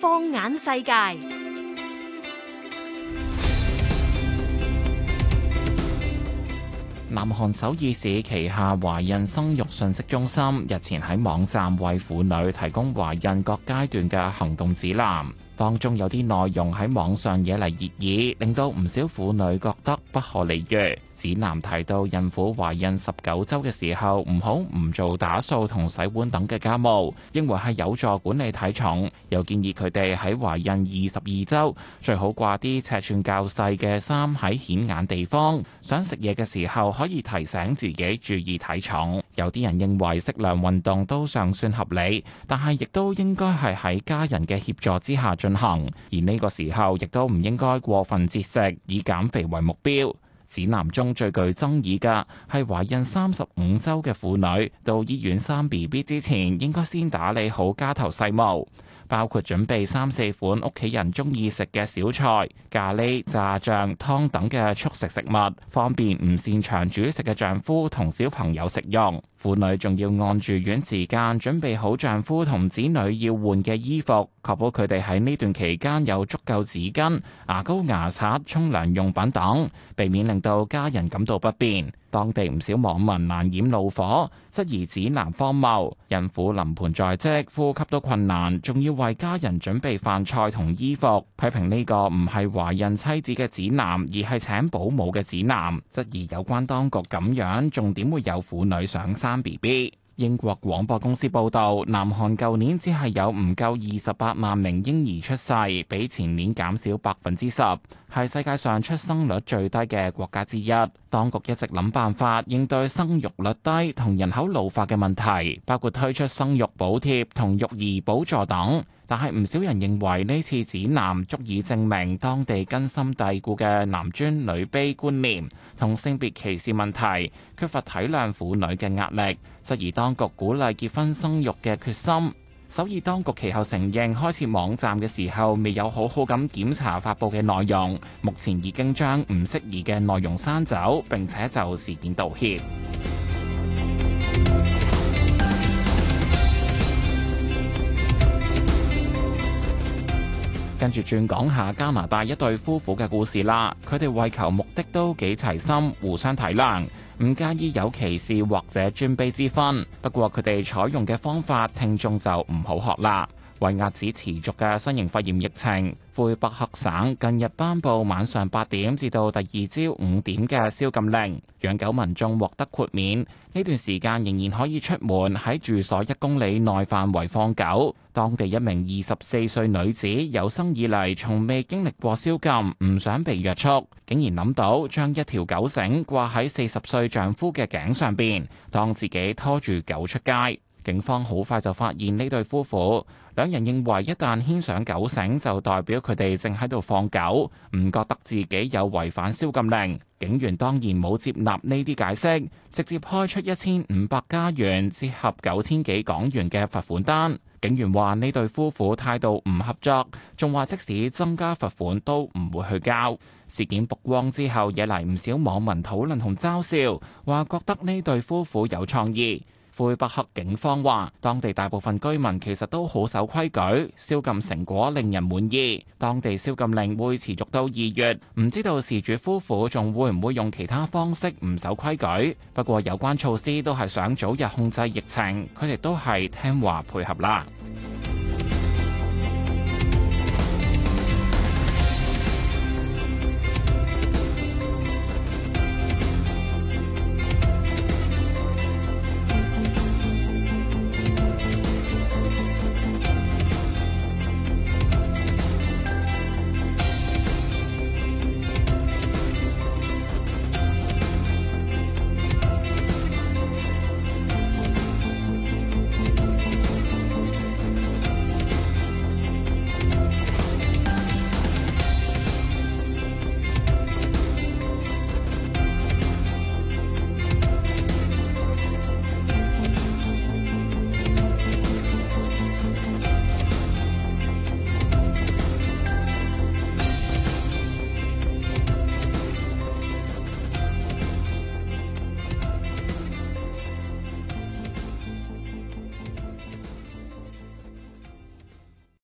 放眼世界，南韓首爾市旗下懷孕生育信息中心日前喺網站為婦女提供懷孕各階段嘅行動指南。當中有啲內容喺網上惹嚟熱議，令到唔少婦女覺得不可理喻。指南提到，孕婦懷孕十九周嘅時候唔好唔做打掃同洗碗等嘅家務，認為係有助管理體重。又建議佢哋喺懷孕二十二周最好掛啲尺寸較細嘅衫喺顯眼地方，想食嘢嘅時候可以提醒自己注意體重。有啲人認為適量運動都尚算合理，但係亦都應該係喺家人嘅協助之下進行，而呢個時候亦都唔應該過分節食，以減肥為目標。指南中最具爭議嘅係懷孕三十五周嘅婦女，到醫院生 BB 之前，應該先打理好家頭細務。包括準備三四款屋企人鍾意食嘅小菜、咖喱、炸醬、湯等嘅速食食物，方便唔擅長煮食嘅丈夫同小朋友食用。婦女仲要按住院時間準備好丈夫同子女要換嘅衣服，確保佢哋喺呢段期間有足夠紙巾、牙膏、牙刷、沖涼用品等，避免令到家人感到不便。當地唔少網民難掩怒火，質疑指南荒謬，孕婦臨盆在即，呼吸都困難，仲要為家人準備飯菜同衣服，批評呢個唔係懷孕妻子嘅指南，而係請保姆嘅指南，質疑有關當局咁樣，仲點會有婦女想生 B B？英國廣播公司報道，南韓舊年只係有唔夠二十八萬名嬰兒出世，比前年減少百分之十，係世界上出生率最低嘅國家之一。當局一直諗辦法應對生育率低同人口老化嘅問題，包括推出生育補貼同育兒補助等。但係唔少人認為呢次指南足以證明當地根深蒂固嘅男尊女卑觀念同性別歧視問題，缺乏體諒婦女嘅壓力，質疑當局鼓勵結婚生育嘅決心。首爾當局其後承認開設網站嘅時候未有好好咁檢查發佈嘅內容，目前已經將唔適宜嘅內容刪走，並且就事件道歉。跟住轉講下加拿大一對夫婦嘅故事啦，佢哋為求目的都幾齊心，互相體諒，唔介意有歧視或者尊卑之分。不過佢哋採用嘅方法，聽眾就唔好學啦。為遏止持續嘅新型肺炎疫情，魁北克省近日頒布晚上八點至到第二朝五點嘅宵禁令。養狗民眾獲得豁免，呢段時間仍然可以出門喺住所一公里內範圍放狗。當地一名二十四歲女子有生以嚟從未經歷過宵禁，唔想被約束，竟然諗到將一條狗繩掛喺四十歲丈夫嘅頸上邊，當自己拖住狗出街。警方好快就發現呢對夫婦。兩人認為，一旦牽上狗繩，就代表佢哋正喺度放狗，唔覺得自己有違反宵禁令。警員當然冇接納呢啲解釋，直接開出一千五百加元，折合九千幾港元嘅罰款單。警員話：呢對夫婦態度唔合作，仲話即使增加罰款都唔會去交。事件曝光之後，惹嚟唔少網民討論同嘲笑，話覺得呢對夫婦有創意。魁北克警方話：當地大部分居民其實都好守規矩，宵禁成果令人滿意。當地宵禁令會持續到二月，唔知道事主夫婦仲會唔會用其他方式唔守規矩。不過有關措施都係想早日控制疫情，佢哋都係聽話配合啦。